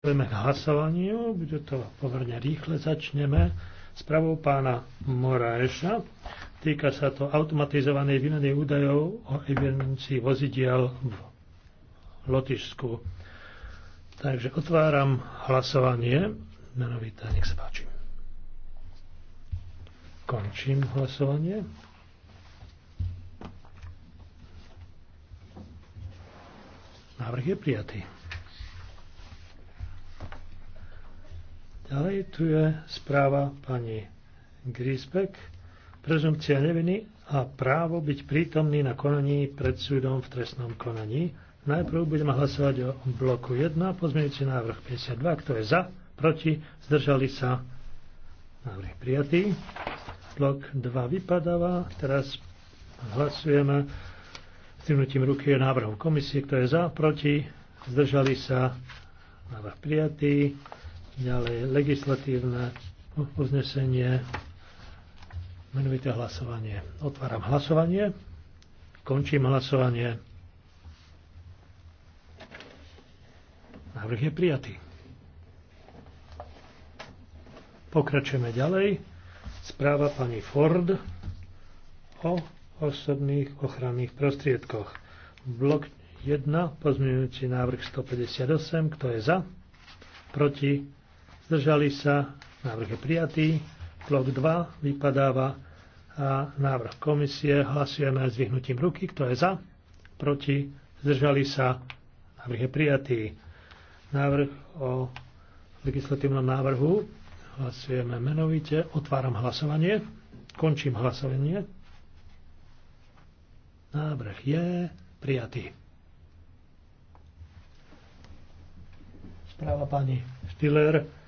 Poďme k hlasovaniu, bude to pomerne rýchle, začneme spravou pána Moraeša. Týka sa to automatizovanej výmeny údajov o evidencii vozidiel v Lotyšsku. Takže otváram hlasovanie. Menovité, nech sa páči. Končím hlasovanie. Návrh je prijatý. Ďalej tu je správa pani Grisbeck. Prezumcia neviny a právo byť prítomný na konaní pred súdom v trestnom konaní. Najprv budeme hlasovať o bloku 1, pozmeňujúci návrh 52. Kto je za? Proti? Zdržali sa? Návrh prijatý. Blok 2 vypadáva. Teraz hlasujeme s tým ruky je návrhu komisie. Kto je za? Proti? Zdržali sa? Návrh prijatý. Ďalej legislatívne uznesenie, menovité hlasovanie. Otváram hlasovanie, končím hlasovanie. Návrh je prijatý. Pokračujeme ďalej. Správa pani Ford o osobných ochranných prostriedkoch. Blok 1, pozmeňujúci návrh 158, kto je za, proti, zdržali sa, návrh je prijatý, blok 2 vypadáva a návrh komisie hlasujeme s vyhnutím ruky, kto je za, proti, zdržali sa, návrh je prijatý. Návrh o legislatívnom návrhu hlasujeme menovite, otváram hlasovanie, končím hlasovanie. Návrh je prijatý. Správa pani Stiller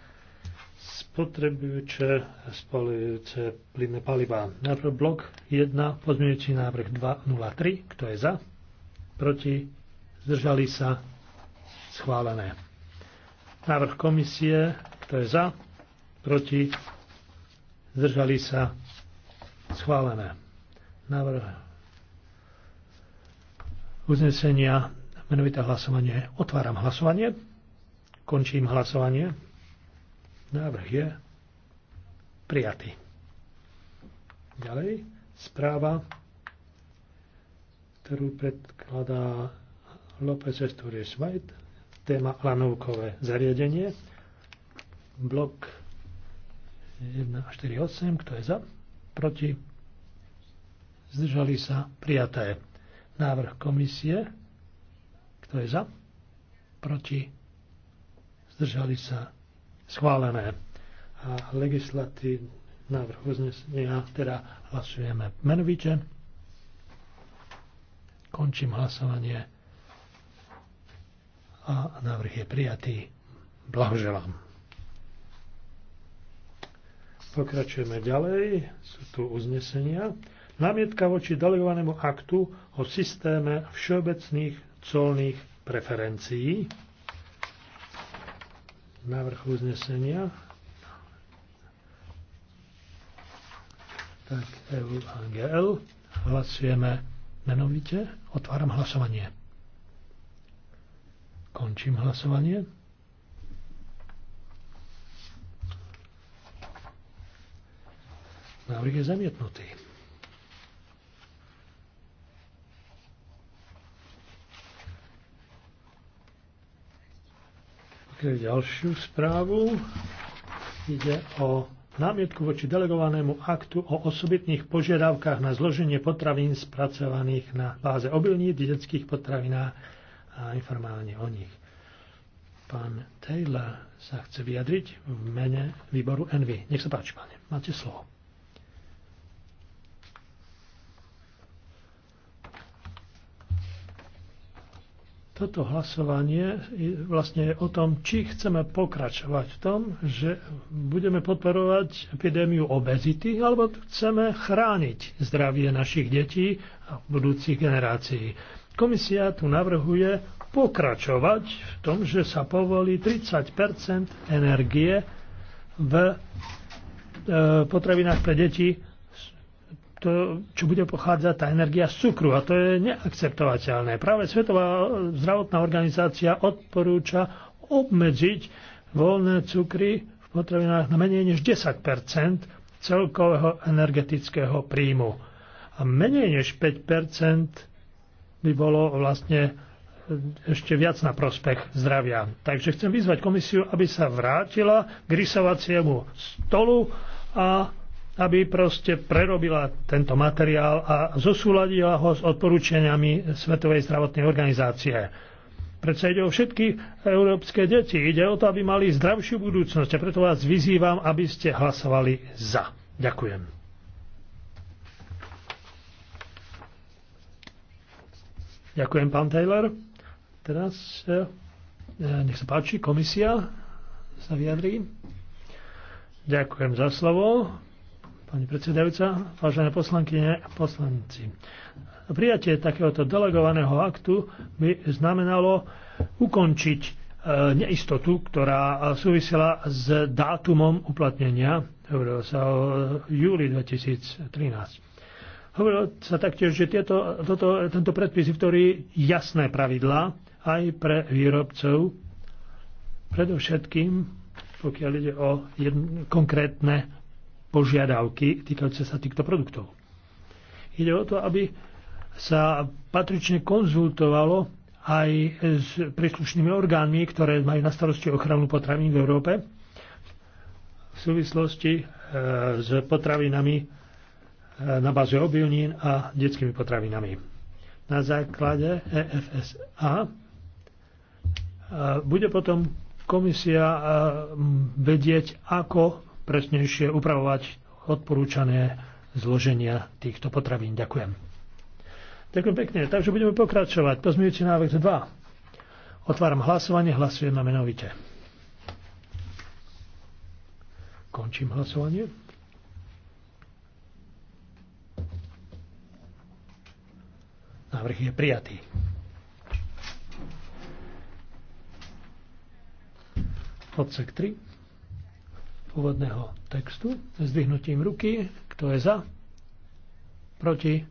spotrebujúce spalujúce plynné palivá. Najprv blok 1, pozmeňujúci návrh 203, kto je za, proti, zdržali sa, schválené. Návrh komisie, kto je za, proti, zdržali sa, schválené. Návrh uznesenia, menovité hlasovanie, otváram hlasovanie, končím hlasovanie. Návrh je prijatý. Ďalej, správa, ktorú predkladá López Estúries White, téma lanovkové zariadenie, blok 1 4, 8, kto je za, proti, zdržali sa, prijaté. Návrh komisie, kto je za, proti, zdržali sa, schválené. A legislatívne návrh uznesenia teda hlasujeme menovite. Končím hlasovanie a návrh je prijatý. Blahoželám. Pokračujeme ďalej. Sú tu uznesenia. Námietka voči delegovanému aktu o systéme všeobecných colných preferencií návrh uznesenia. Tak EU Angel. Hlasujeme menovite. Otváram hlasovanie. Končím hlasovanie. Návrh je zamietnutý. ďalšiu správu. Ide o námietku voči delegovanému aktu o osobitných požiadavkách na zloženie potravín spracovaných na báze obilní detských potravinách a informovanie o nich. Pán Taylor sa chce vyjadriť v mene výboru Envy. Nech sa páči, pane. Máte slovo. toto hlasovanie vlastne je o tom, či chceme pokračovať v tom, že budeme podporovať epidémiu obezity, alebo chceme chrániť zdravie našich detí a budúcich generácií. Komisia tu navrhuje pokračovať v tom, že sa povolí 30 energie v e, potravinách pre deti to, čo bude pochádzať tá energia z cukru. A to je neakceptovateľné. Práve Svetová zdravotná organizácia odporúča obmedziť voľné cukry v potravinách na menej než 10 celkového energetického príjmu. A menej než 5 by bolo vlastne ešte viac na prospech zdravia. Takže chcem vyzvať komisiu, aby sa vrátila k rysovaciemu stolu a aby proste prerobila tento materiál a zosúladila ho s odporúčaniami Svetovej zdravotnej organizácie. Prečo ide o všetky európske deti. Ide o to, aby mali zdravšiu budúcnosť. A preto vás vyzývam, aby ste hlasovali za. Ďakujem. Ďakujem, pán Taylor. Teraz e, e, nech sa páči, komisia sa vyjadrí. Ďakujem za slovo, pani predsedajúca, vážené poslankyne a poslanci. Prijatie takéhoto delegovaného aktu by znamenalo ukončiť e, neistotu, ktorá e, súvisela s dátumom uplatnenia, hovorilo sa o e, júli 2013. Hovorilo sa taktiež, že tieto, toto, tento predpis vytvorí jasné pravidlá aj pre výrobcov, predovšetkým pokiaľ ide o jedn- konkrétne požiadavky týkajúce sa týchto produktov. Ide o to, aby sa patrične konzultovalo aj s príslušnými orgánmi, ktoré majú na starosti ochranu potravín v Európe v súvislosti e, s potravinami e, na báze obilnín a detskými potravinami. Na základe EFSA e, bude potom komisia vedieť, ako presnejšie upravovať odporúčané zloženia týchto potravín. Ďakujem. Ďakujem pekne. Takže budeme pokračovať. Pozmiňujúci návrh 2. Otváram hlasovanie. Hlasujeme menovite. Končím hlasovanie. Návrh je prijatý. Odsek 3 pôvodného textu zdvihnutím ruky. Kto je za? Proti?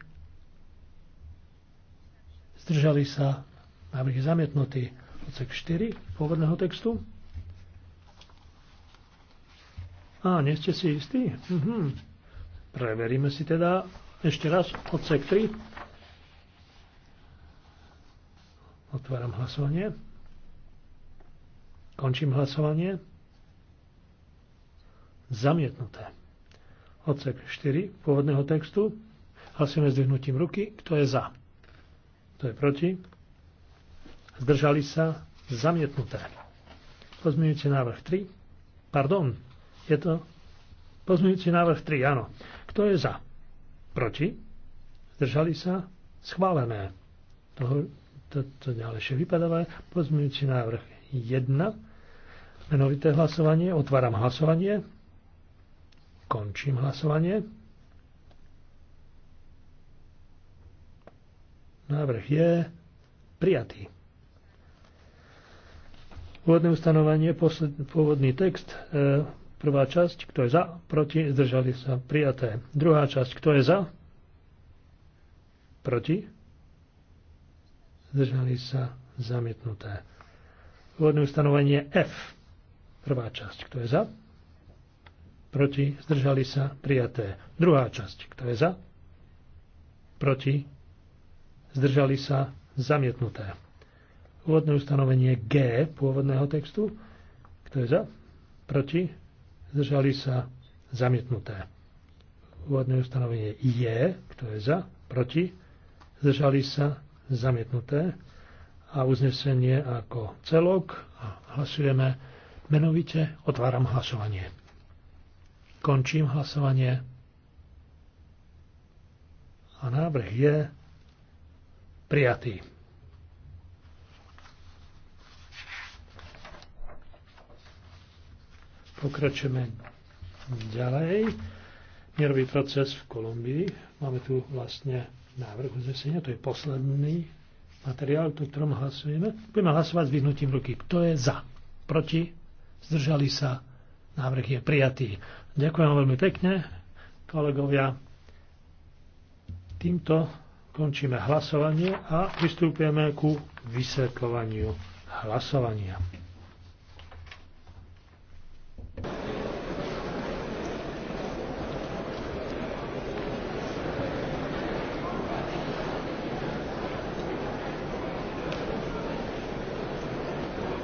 Zdržali sa návrh zamietnutý odsek 4 pôvodného textu. A, nie ste si istí? Mhm. Preveríme si teda ešte raz odsek 3. Otváram hlasovanie. Končím hlasovanie. Zamietnuté. Odsek 4 pôvodného textu. Hlasujeme s ruky. Kto je za? Kto je proti? Zdržali sa? Zamietnuté. Pozmeňujúci návrh 3. Pardon, je to pozmeňujúci návrh 3, áno. Kto je za? Proti? Zdržali sa? Schválené. Toho, to, to ďalejšie vypadáva. Pozmeňujúci návrh 1. Menovité hlasovanie. Otváram hlasovanie. Končím hlasovanie. Návrh je prijatý. Úvodné ustanovenie, posled, pôvodný text, e, prvá časť, kto je za, proti, zdržali sa, prijaté. Druhá časť, kto je za, proti, zdržali sa, zamietnuté. Úvodné ustanovenie F, prvá časť, kto je za, proti, zdržali sa, prijaté. Druhá časť, kto je za, proti, zdržali sa, zamietnuté. Úvodné ustanovenie G pôvodného textu, kto je za, proti, zdržali sa, zamietnuté. Úvodné ustanovenie je, kto je za, proti, zdržali sa, zamietnuté. A uznesenie ako celok a hlasujeme menovite, otváram hlasovanie. Končím hlasovanie. A návrh je prijatý. Pokračujeme ďalej. Mierový proces v Kolumbii. Máme tu vlastne návrh uznesenia, to je posledný materiál, o ktorom hlasujeme. Budeme hlasovať s vyhnutím ruky. Kto je za? Proti? Zdržali sa? Návrh je prijatý. Ďakujem veľmi pekne, kolegovia. Týmto končíme hlasovanie a pristúpime ku vysvetľovaniu hlasovania.